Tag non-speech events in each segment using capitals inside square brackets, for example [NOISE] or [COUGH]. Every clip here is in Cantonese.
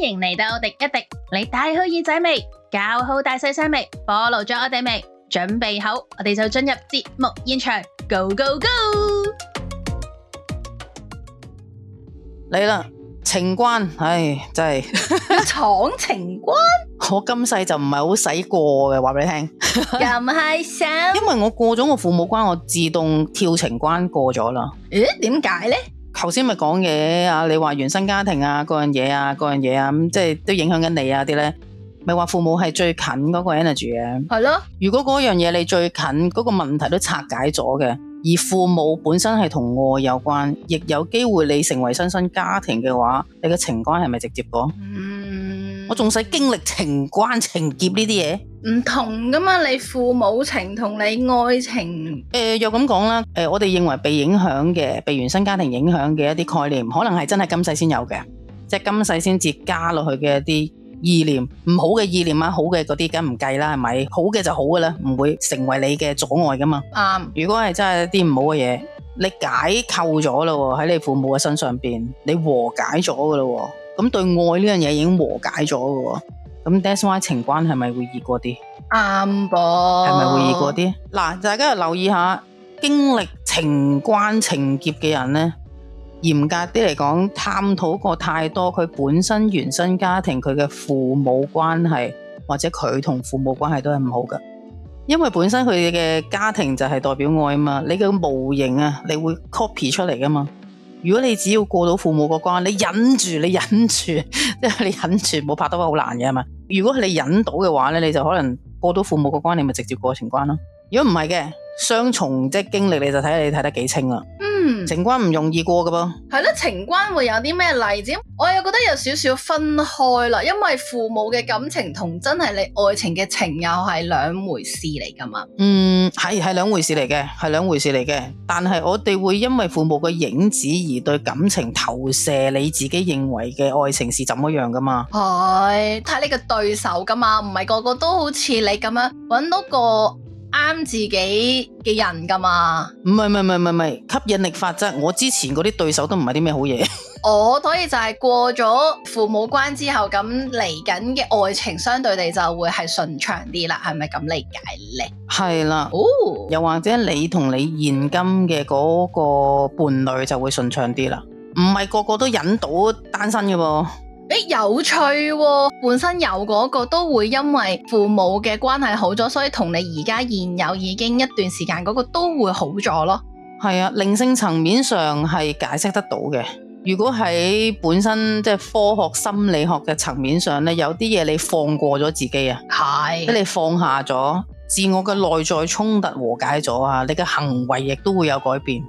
歡迎嚟到廸一廸，你帶好耳仔未？搞好大細聲未？暴露咗我哋未？準備好，我哋就進入節目現場，Go Go Go！嚟啦，情關，唉，真係闖情關，我今世就唔係好使過嘅，話俾你聽。又唔係想，因為我過咗我父母關，我自動跳情關過咗啦。誒，點解咧？頭先咪講嘢，阿你話原生家庭啊，嗰樣嘢啊，嗰樣嘢啊，咁即係都影響緊你啊啲咧，咪話父母係最近嗰個 energy 嘅，啊，係咯的。如果嗰樣嘢你最近嗰、嗰個問題都拆解咗嘅，而父母本身係同我有關，亦有機會你成為新生家庭嘅話，你嘅情關係咪直接講？嗯，我仲使經歷情關情劫呢啲嘢？唔同噶嘛，你父母情同你愛情。誒，又咁講啦，誒，我哋認為被影響嘅，被原生家庭影響嘅一啲概念，可能係真係今世先有嘅，即係今世先至加落去嘅一啲意念，唔好嘅意念啊，好嘅嗰啲梗唔計啦，係咪？好嘅就好嘅啦，唔會成為你嘅阻礙噶嘛。啱。如果係真係一啲唔好嘅嘢，你解構咗啦喎，喺你父母嘅身上邊，你和解咗噶啦，咁對愛呢樣嘢已經和解咗噶。咁 that's why 情關係，咪會易過啲？啱噃吧，係咪會易過啲？嗱，大家又留意下，經歷情關情劫嘅人咧，嚴格啲嚟講，探討過太多，佢本身原生家庭佢嘅父母關係或者佢同父母關係都係唔好噶，因為本身佢嘅家庭就係代表愛啊嘛，你嘅模型啊，你會 copy 出嚟噶嘛。如果你只要過到父母個關，你忍住，你忍住。 [LAUGHS] 即係 [LAUGHS] 你忍住冇拍得好難嘅係咪？如果係你忍到嘅話，你就可能過到父母個關，你咪直接過情關咯。如果唔係嘅，雙重即係經歷，你就睇，你睇得幾清啦。情關唔容易過噶噃，係咯、嗯？情關會有啲咩例子？我又覺得有少少分開啦，因為父母嘅感情同真係你愛情嘅情又係兩回事嚟噶嘛。嗯，係係兩回事嚟嘅，係兩回事嚟嘅。但係我哋會因為父母嘅影子而對感情投射你自己認為嘅愛情是怎麼樣噶嘛？係睇你嘅對手噶嘛，唔係個個都好似你咁樣揾到個。啱自己嘅人噶嘛。唔係唔係唔係唔係吸引力法則，我之前嗰啲對手都唔係啲咩好嘢。 [LAUGHS] 我所以就係過咗父母關之後，咁嚟緊嘅愛情相對地就會係順暢啲啦，係咪咁理解呢？係啦，哦，又或者你同你現今嘅嗰個伴侶就會順暢啲啦，唔係個個都引到單身嘅噃。誒，有趣喎！本身有嗰個都會因為父母嘅關係好咗，所以同你而家現有已經一段時間嗰個都會好咗咯。係啊，靈性層面上係解釋得到嘅。如果喺本身即係科學心理學嘅層面上咧，有啲嘢你放過咗自己啊，係你放下咗自我嘅內在衝突和解咗啊，你嘅行為亦都會有改變。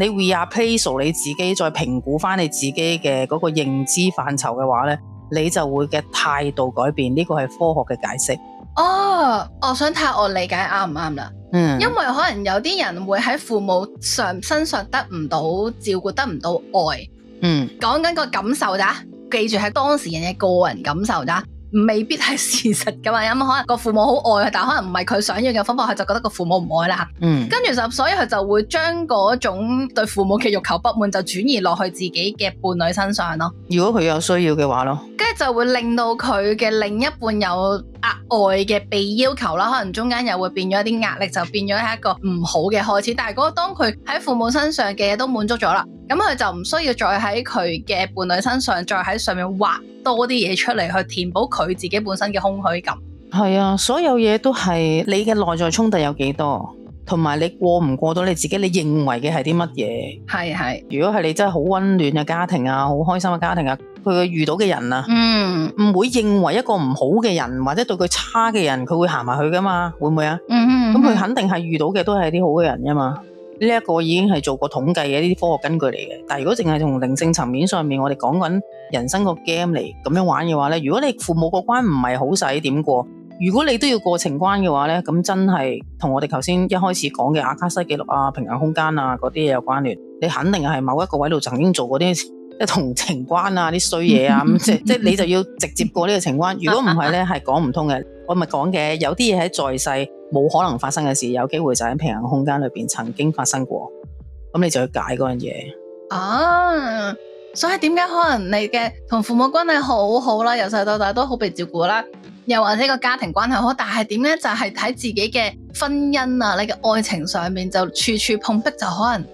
你 r a p a i s e 你自己，再評估翻你自己嘅嗰個認知範疇嘅話咧，你就會嘅態度改變，呢個係科學嘅解釋。哦，我想睇下我理解啱唔啱啦。嗯，因為可能有啲人會喺父母上身上得唔到照顧，得唔到愛。嗯，講緊個感受咋？記住係當事人嘅個人感受咋。未必係事實噶嘛，有冇可能個父母好愛佢，但可能唔係佢想要嘅方法，佢就覺得個父母唔愛啦。嗯，跟住就所以佢就會將嗰種對父母嘅欲求不滿，就轉移落去自己嘅伴侶身上咯。如果佢有需要嘅話咯，跟住就會令到佢嘅另一半有。額外嘅被要求啦，可能中間又會變咗一啲壓力，就變咗係一個唔好嘅開始。但係嗰當佢喺父母身上嘅嘢都滿足咗啦，咁佢就唔需要再喺佢嘅伴侶身上，再喺上面挖多啲嘢出嚟去填補佢自己本身嘅空虛感。係啊，所有嘢都係你嘅內在衝突有幾多？同埋你過唔過到你自己，你認為嘅係啲乜嘢？係係。如果係你真係好溫暖嘅家庭啊，好開心嘅家庭啊，佢會遇到嘅人啊，嗯，唔會認為一個唔好嘅人或者對佢差嘅人，佢會行埋去噶嘛？會唔會啊？嗯嗯。咁佢肯定係遇到嘅都係啲好嘅人噶嘛？呢一個已經係做過統計嘅，呢啲科學根據嚟嘅。但係如果淨係從靈性層面上面，我哋講緊人生個 game 嚟咁樣玩嘅話咧，如果你父母個關唔係好使，點過？如果你都要過情關嘅話呢，咁真係同我哋頭先一開始講嘅阿卡西記錄啊、平行空間啊嗰啲嘢有關聯。你肯定係某一個位度曾經做過啲即同情關啊啲衰嘢啊， [LAUGHS] 即即你就要直接過呢個情關。 [LAUGHS] 如果唔係呢係講唔通嘅。我咪講嘅，有啲嘢喺在世冇可能發生嘅事，有機會就喺平行空間裏邊曾經發生過。咁你就去解嗰樣嘢啊。所以點解可能你嘅同父母關係好好、啊、啦，由細到大都好被照顧啦？又或者個家庭關係好，但係點呢？就係睇自己嘅婚姻啊，你嘅愛情上面就處處碰壁，就可能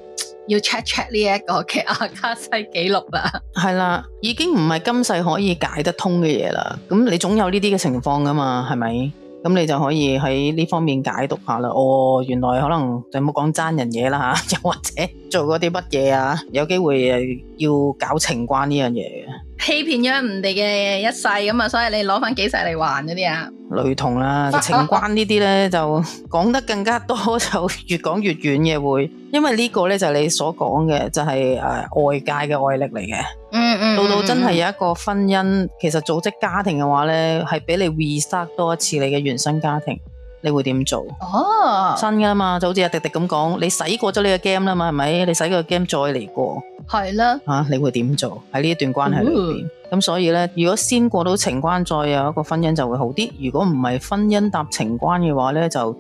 要 check check 呢一個嘅阿卡西記錄啦。係啦，已經唔係今世可以解得通嘅嘢啦。咁你總有呢啲嘅情況噶嘛，係咪？咁你就可以喺呢方面解讀下啦。哦，原來可能就冇講爭人嘢啦吓，又或者做嗰啲乜嘢啊，有機會要搞情關呢樣嘢欺騙咗人哋嘅一世咁啊，所以你攞翻幾世嚟還嗰啲啊？雷同啦，啊、情關呢啲呢，啊、就講得更加多，就越講越遠嘅會，因為呢個呢，就係、你所講嘅就係、是、誒、呃、外界嘅外力嚟嘅、嗯。嗯嗯，到到真係有一個婚姻，其實組織家庭嘅話呢，係俾你 restart 多一次你嘅原生家庭，你會點做？哦、啊，新噶嘛，就好似阿迪迪咁講，你洗過咗呢個 game 啦嘛，係咪？你洗個 game 再嚟過。係啦，吓 [NOISE] 你會點做喺呢一段關係裏邊？咁、uh, 嗯、所以呢，如果先過到情關，再有一個婚姻就會好啲。如果唔係婚姻搭情關嘅話呢，就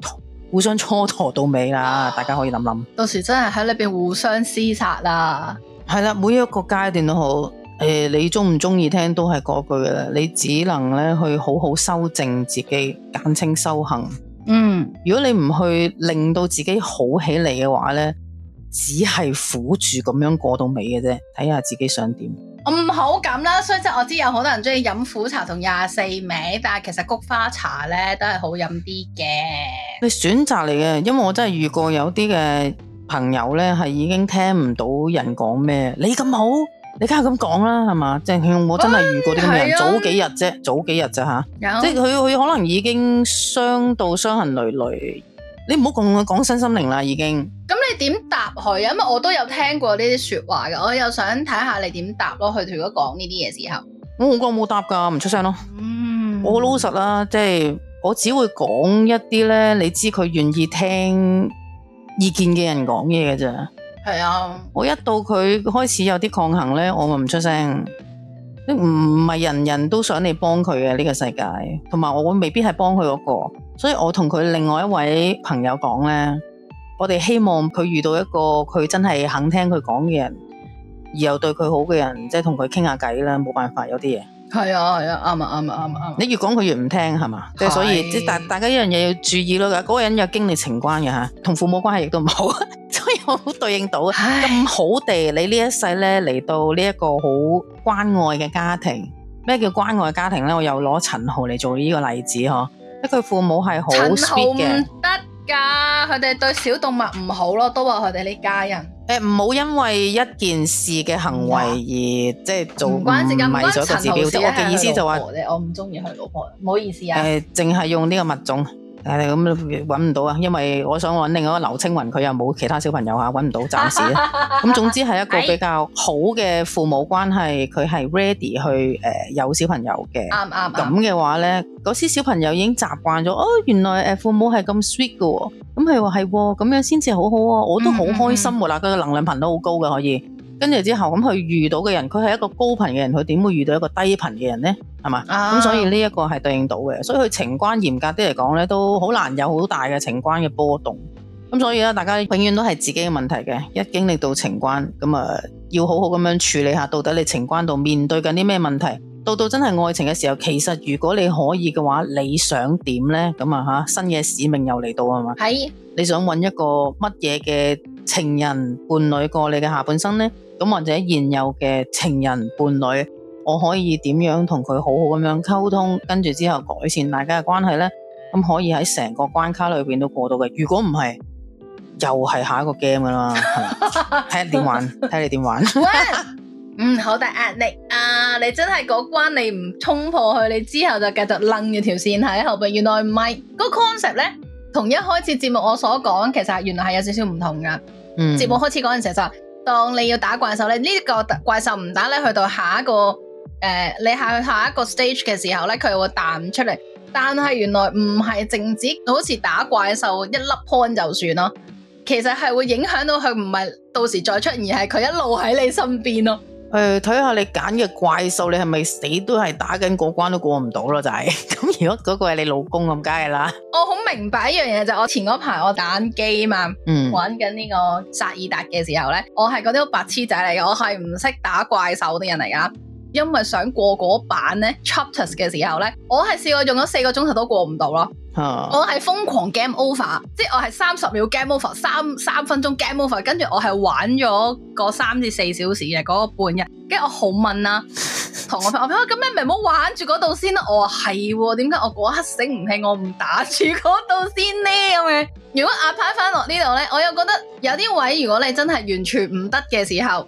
互相蹉跎到尾啦。大家可以諗諗， [NOISE] 到時真係喺裏邊互相廝殺啦。係啦， [NOISE] 每一個階段都好，誒、呃，你中唔中意聽都係嗰句噶啦。你只能咧去好好修正自己，簡稱修行。嗯， [NOISE] 如果你唔去令到自己好起嚟嘅話呢。只係苦住咁樣過到尾嘅啫，睇下自己想點。唔好咁啦，雖則我知有好多人中意飲苦茶同廿四味，但係其實菊花茶咧都係好飲啲嘅。你選擇嚟嘅，因為我真係遇過有啲嘅朋友咧係已經聽唔到人講咩，你咁好，你梗係咁講啦，係嘛？即係我真係遇過啲咁嘅人、嗯啊早，早幾日啫，早幾日咋吓？即係佢佢可能已經傷到傷痕累累，你唔好共我講身心靈啦，已經。即係點答佢啊？因為我都有聽過呢啲說話嘅，我又想睇下你點答咯。佢如果講呢啲嘢時候，我我冇答噶，唔出聲咯。嗯，我老實啦，即係我只會講一啲咧，你知佢願意聽意見嘅人講嘢嘅啫。係啊，我一到佢開始有啲抗衡咧，我咪唔出聲。你唔係人人都想你幫佢嘅呢個世界，同埋我會未必係幫佢嗰個，所以我同佢另外一位朋友講咧。我哋希望佢遇到一個佢真係肯聽佢講嘅人，而又對佢好嘅人，即係同佢傾下偈啦。冇辦法，有啲嘢係啊係啊，啱啊啱啊啱啊！啱 [NOISE] 你越講佢越唔聽係嘛？即係是所以，即係大大家一樣嘢要注意咯。嗰、嗰個人有經歷情關嘅吓，同父母關係亦都唔好， [LAUGHS] 所以我好對應到咁 [LAUGHS] 好地。你呢一世咧嚟到呢一個好關愛嘅家庭，咩叫關愛嘅家庭咧？我又攞陳豪嚟做呢個例子嗬，即、啊、佢父母係好 sweet 嘅。家，佢哋對小動物唔好咯，都話佢哋呢家人。誒、欸，唔好因為一件事嘅行為而、啊、即係做唔關事。我查頭先係老婆啫，我唔中意佢老婆，唔好意思啊。誒、欸，淨係用呢個物種。誒，咁搵唔到啊，因為我想揾另一個劉青雲，佢又冇其他小朋友吓、啊，搵唔到，暫時咧。咁 [LAUGHS] 總之係一個比較好嘅父母關係，佢係 ready 去誒、呃、有小朋友嘅。啱啱咁嘅話咧，嗰時小朋友已經習慣咗哦，原來誒父母係咁 sweet 嘅，咁佢話係，咁樣先至好好啊，我都好開心啦，佢嘅能量頻率好高嘅可以。跟住之後咁，佢遇到嘅人，佢係一個高頻嘅人，佢點會遇到一個低頻嘅人呢？係嘛？咁、啊、所以呢一個係對應到嘅，所以佢情關嚴格啲嚟講呢都好難有好大嘅情關嘅波動。咁所以咧，大家永遠都係自己嘅問題嘅。一經歷到情關，咁啊，要好好咁樣處理下，到底你情關度面對緊啲咩問題？到到真係愛情嘅時候，其實如果你可以嘅話，你想點呢？咁啊嚇、啊，新嘅使命又嚟到係嘛？係你想揾一個乜嘢嘅情人伴侶過你嘅下半生呢？咁或者現有嘅情人伴侶，我可以點樣同佢好好咁樣溝通，跟住之後改善大家嘅關係呢？咁可以喺成個關卡裏邊都過到嘅。如果唔係，又係下一個 game 噶啦，睇下點玩，睇你點玩。嗯，好大壓力啊！你真係嗰關你唔衝破去，你之後就繼續掕住條線喺後邊。原來唔係、個 concept 呢，同一開始節目我所講，其實原來係有少少唔同嘅。嗯，節目開始嗰陣時就係當你要打怪獸咧，呢、這個怪獸唔打咧，你去到下一個誒、呃，你下下一個 stage 嘅時候咧，佢會彈出嚟。但係原來唔係淨止好似打怪獸一粒 point 就算咯，其實係會影響到佢唔係到時再出現，而係佢一路喺你身邊咯。誒，睇下你揀嘅怪獸，你係咪死都係打緊過關都過唔到咯？就係、是、咁， [LAUGHS] 如果嗰個係你老公咁，梗係啦。我好明白一樣嘢就係、是、我前嗰排我打機啊嘛，嗯，玩緊呢個薩爾達嘅時候咧，我係嗰啲好白痴仔嚟嘅，我係唔識打怪獸啲人嚟噶，因為想過嗰版咧 Chapters 嘅時候咧，我係試過用咗四個鐘頭都過唔到咯。我係瘋狂 game over，即係我係三十秒 game over，三三分鐘 game over，跟住我係玩咗個三至四小時嘅嗰、那個半日、啊，跟住我好悶啦，同我朋友，我咁你咪唔好玩住嗰度先啦、啊，我話係，點解、哦、我嗰刻醒唔起我唔打住嗰度先呢？」咁樣？如果阿 p g 翻落呢度咧，我又覺得有啲位，如果你真係完全唔得嘅時候。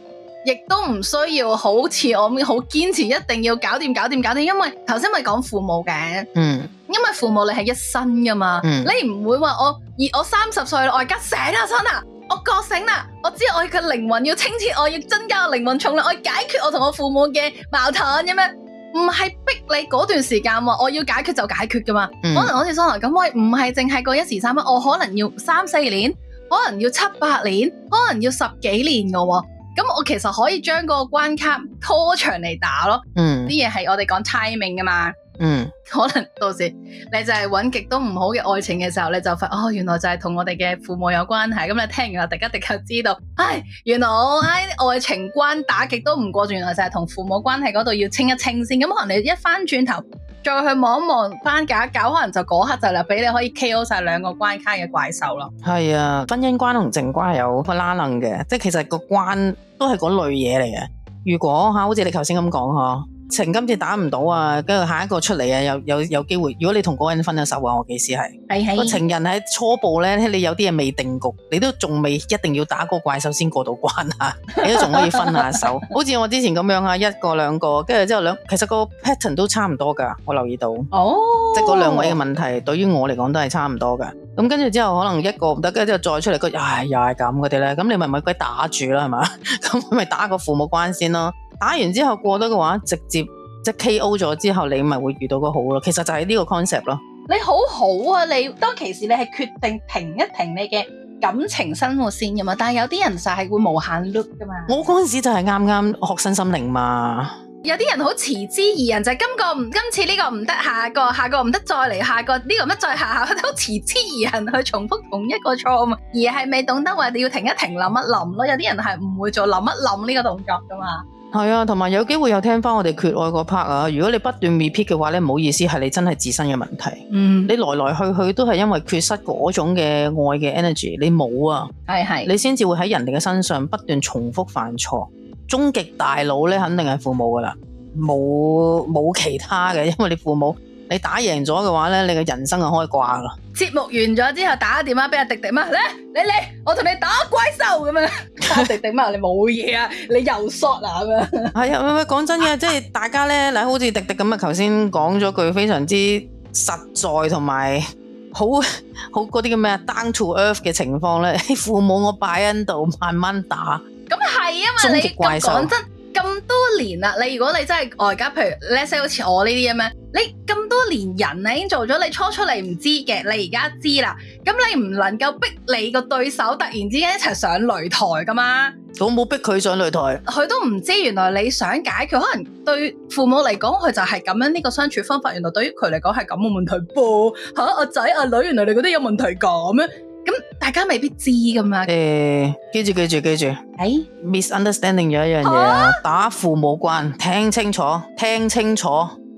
亦都唔需要好似我好堅持，一定要搞掂、搞掂、搞掂。因為頭先咪講父母嘅，嗯，因為父母你係一生噶嘛，嗯、你唔會話我而我三十歲，我而家醒啊，sona，我覺醒啦，我知我嘅靈魂要清澈，我要增加我靈魂重量，我要解決我同我父母嘅矛盾咁樣，唔係逼你嗰段時間話我要解決就解決噶嘛。嗯、可能好似 sona 咁，我唔係淨係過一時三刻，我可能要三四年，可能要七八年，可能要，可能要十幾年噶喎。咁我其實可以將個關卡拖長嚟打咯，啲嘢係我哋講 timing 噶嘛，嗯、可能到時你就係揾極都唔好嘅愛情嘅時候，你就發哦，原來就係同我哋嘅父母有關係，咁你聽完啦，大家間突然知道，唉、哎、原來我唉愛、哎、情關打極都唔過，原來就係同父母關係嗰度要清一清先，咁、嗯、可能你一翻轉頭再去望一望翻假搞，可能就嗰刻就嚟俾你可以 KO 晒兩個關卡嘅怪獸咯。係啊，婚姻關同情關係有個拉能嘅，即係其實個關。都係嗰類嘢嚟嘅。如果嚇，好似你頭先咁講嗬，情今次打唔到啊，跟住下一個出嚟啊，有有有機會。如果你同嗰個人分咗手啊，我幾時係？係係是。個情人喺初步呢，你有啲嘢未定局，你都仲未一定要打嗰個怪獸先過到關啊， [LAUGHS] 你都仲可以分下手。 [LAUGHS] 好似我之前咁樣啊，一個兩個，跟住之後兩，其實個 pattern 都差唔多噶。我留意到。哦。即係嗰兩位嘅問題對於，對於我嚟講都係差唔多嘅。咁跟住之後，可能一個唔得，跟住之後再出嚟個，唉、哎，又係咁嗰啲咧。咁你咪咪鬼打住啦，係嘛？咁 [LAUGHS] 咪打個父母關先咯。打完之後過多嘅話，直接即係 K.O. 咗之後，你咪會遇到個好咯。其實就係呢個 concept 咯。你好好啊，你當其時你係決定停一停你嘅感情生活先噶嘛。但係有啲人就係會無限 look 噶嘛。我嗰陣時就係啱啱學身心靈嘛。有啲人好持之以恒，就係、是、今個今次呢個唔得，下個下個唔得，再嚟下個呢個乜再下下都持之以恒去重複同一個錯誤，而係未懂得話你要停一停，諗一諗咯。有啲人係唔會做諗一諗呢個動作噶嘛。係啊，同埋有機會又聽翻我哋缺愛個 part 啊。如果你不斷 repeat 嘅話咧，唔好意思，係你真係自身嘅問題。嗯，你來來去去都係因為缺失嗰種嘅愛嘅 energy，你冇啊，係係是，你先至會喺人哋嘅身上不斷重複犯錯。終極大佬咧，肯定係父母噶啦，冇冇其他嘅，因為你父母你打贏咗嘅話咧，你嘅人生就開掛啦。節目完咗之後，打個電話俾阿迪迪嘛，嚟嚟嚟，我同你打怪獸咁啊！迪迪嘛，你冇嘢啊，你又 short 啊咁啊！係啊，唔係講真嘅，即係大家咧，嗱，好似迪迪咁啊，頭先講咗句非常之實在同埋好好嗰啲叫咩 down to earth 嘅情況咧， [LAUGHS] 父母我擺喺度，慢慢打。咁係因為，你咁講真咁多年啦，你如果你真係外而家，譬如 let say 好似我呢啲咁樣，你咁多年人，你已經做咗你初出嚟唔知嘅，你而家知啦，咁你唔能夠逼你個對手突然之間一齊上擂台噶嘛？我冇逼佢上擂台，佢都唔知原來你想解決，可能對父母嚟講，佢就係咁樣呢、這個相處方法，原來對於佢嚟講係咁冇問題噃、啊。吓、啊，阿仔阿女，原來你覺得有問題咁樣？咁大家未必知咁啊！誒、哎，記住記住記住，誒、哎、，misunderstanding 有一樣嘢，啊，打父母關，聽清楚，聽清楚，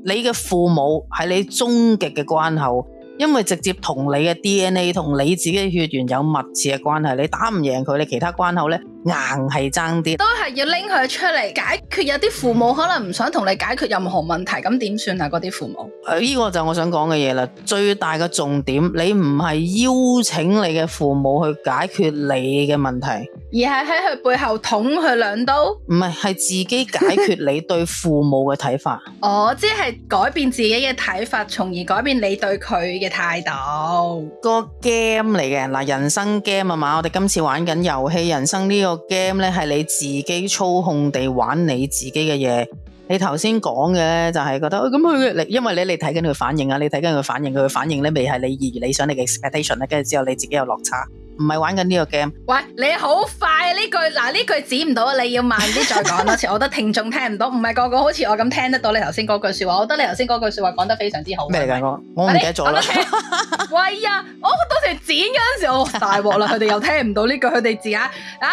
你嘅父母係你終極嘅關口，因為直接同你嘅 DNA 同你自己嘅血緣有密切嘅關係，你打唔贏佢，你其他關口咧硬係爭啲，都係要拎佢出嚟解決。佢有啲父母可能唔想同你解決任何問題，咁點算啊？嗰啲父母，呢、呃呢個就係我想講嘅嘢啦。最大嘅重點，你唔係邀請你嘅父母去解決你嘅問題。而係喺佢背後捅佢兩刀，唔係係自己解決你對父母嘅睇法。哦，即係改變自己嘅睇法，從而改變你對佢嘅態度。個 game 嚟嘅，嗱人生 game 啊嘛，我哋今次玩緊遊戲人生呢個 game 咧，係你自己操控地玩你自己嘅嘢。你頭先講嘅咧，就係覺得咁佢嘅，因為你你睇緊佢反應啊，你睇緊佢反應，佢嘅反應咧未係你意，你想你嘅 expectation 咧，跟住之後你自己有落差。唔係玩緊呢個 game。喂，你好快呢、啊、句，嗱、啊、呢句剪唔到，你要慢啲再講多次。 [LAUGHS] 我覺得聽眾聽唔到，唔係個個好似我咁聽得到。你頭先嗰句說話，我覺得你頭先嗰句說話講得非常之好。咩嚟㗎？我唔記得咗啦。 [LAUGHS] 喂呀，我到時剪嗰陣時，我、 [LAUGHS] 哦、大鑊啦。佢哋又聽唔到呢句，佢哋自己啊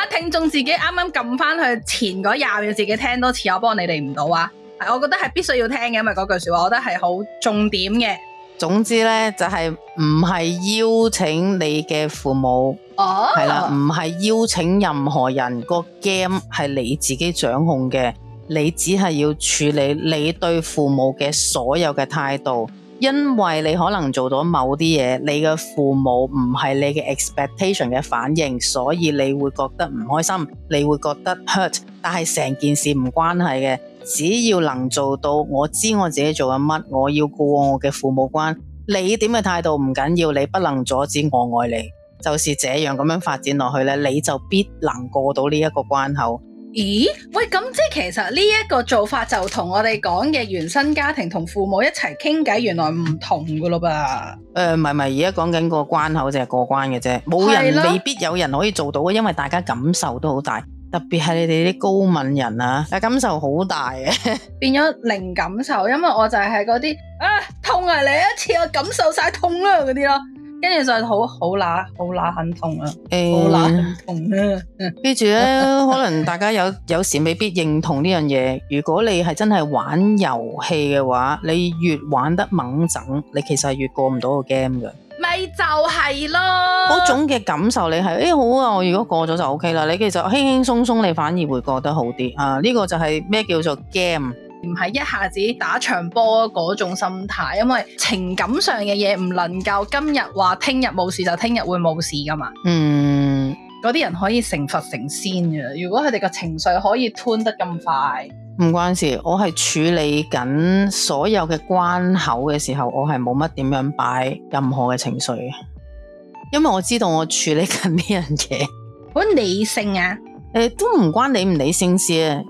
聽眾自己啱啱撳翻去前嗰廿秒，自己聽多次。我幫你哋唔到啊，我覺得係必須要聽嘅，因為嗰句說話，我覺得係好重點嘅。總之咧，就係唔係邀請你嘅父母，係啦、oh.，唔係邀請任何人。個 game 係你自己掌控嘅，你只係要處理你對父母嘅所有嘅態度。因為你可能做咗某啲嘢，你嘅父母唔係你嘅 expectation 嘅反應，所以你會覺得唔開心，你會覺得 hurt。但係成件事唔關係嘅。只要能做到，我知我自己做緊乜，我要過我嘅父母關。你點嘅態度唔緊要，你不能阻止我愛你，就是這樣咁樣發展落去咧，你就必能過到呢一個關口。咦？喂，咁即係其實呢一個做法就同我哋講嘅原生家庭同父母一齊傾偈，原來唔同噶咯噃？誒，唔係唔係，而家講緊個關口就係過關嘅啫，冇人未必有人可以做到啊，因為大家感受都好大。特別係你哋啲高敏人啊，感受好大啊 [LAUGHS] ，變咗零感受，因為我就係嗰啲啊痛啊嚟一次，我感受晒痛啦嗰啲咯，跟住就好好乸好乸很痛啊，欸、好乸很痛啊，嗯、 [LAUGHS] 啊，跟住咧可能大家有有時未必認同呢樣嘢，如果你係真係玩遊戲嘅話，你越玩得猛整，你其實係越過唔到個 game 嘅。就係咯，嗰種嘅感受你係誒、欸、好啊，我如果過咗就 O K 啦，你其實輕輕鬆鬆你反而會覺得好啲啊，呢、uh, 個就係咩叫做 game，唔係一下子打場波嗰種心態，因為情感上嘅嘢，唔能夠今日話聽日冇事就聽日會冇事噶嘛，嗯，嗰啲人可以成佛成仙嘅，如果佢哋嘅情緒可以吞得咁快。唔關事，我係處理緊所有嘅關口嘅時候，我係冇乜點樣擺任何嘅情緒嘅，因為我知道我處理緊呢樣嘢好理性啊。誒、呃，都唔關你唔理性事啊。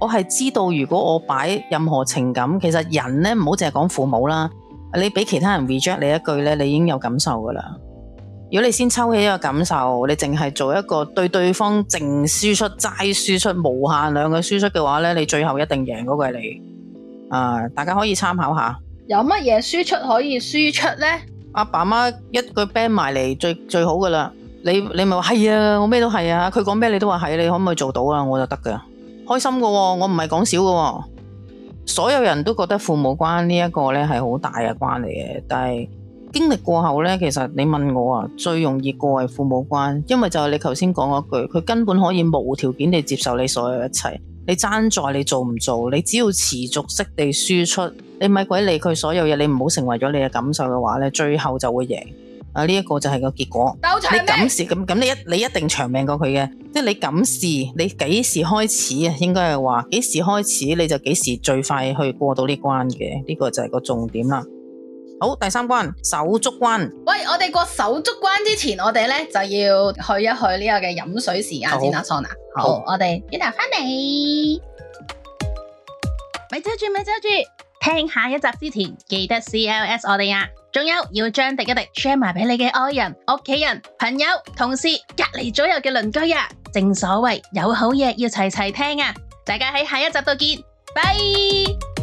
我係知道，如果我擺任何情感，其實人咧唔好淨係講父母啦，你俾其他人 reject 你一句咧，你已經有感受噶啦。如果你先抽起一個感受，你淨係做一個對對方淨輸出、齋輸出、無限量嘅輸出嘅話呢，你最後一定贏嗰個係你。啊，大家可以參考下。有乜嘢輸出可以輸出呢？阿爸媽一句 ban 埋嚟最最好噶啦。你你咪話係啊，我咩都係啊。佢講咩你都話係啊，你可唔可以做到啊？我就得噶，開心噶喎。我唔係講少噶喎，所有人都覺得父母關呢一個呢係好大嘅關嚟嘅，但係，經歷過後咧，其實你問我啊，最容易過係父母關，因為就係你頭先講嗰句，佢根本可以無條件地接受你所有一切。你爭在你做唔做，你只要持續式地輸出，你咪鬼理佢所有嘢，你唔好成為咗你嘅感受嘅話咧，最後就會贏。啊，呢一個就係個結果。你敢試咁咁，你一你一定長命過佢嘅，即係你敢試，你幾時開始啊？應該係話幾時開始，你就幾時最快去過到呢關嘅，呢個就係個重點啦。好，第三關手足關。喂，我哋過手足關之前，我哋咧就要去一去呢個嘅飲水時間先啦，好，我哋轉頭翻嚟。咪走住，咪走住。聽下一集之前，記得 C L S 我哋啊。仲有要將廸一廸 share 埋俾你嘅愛人、屋企人、朋友、同事、隔籬左右嘅鄰居啊。正所謂有好嘢要齊齊聽啊！大家喺下一集度見，拜。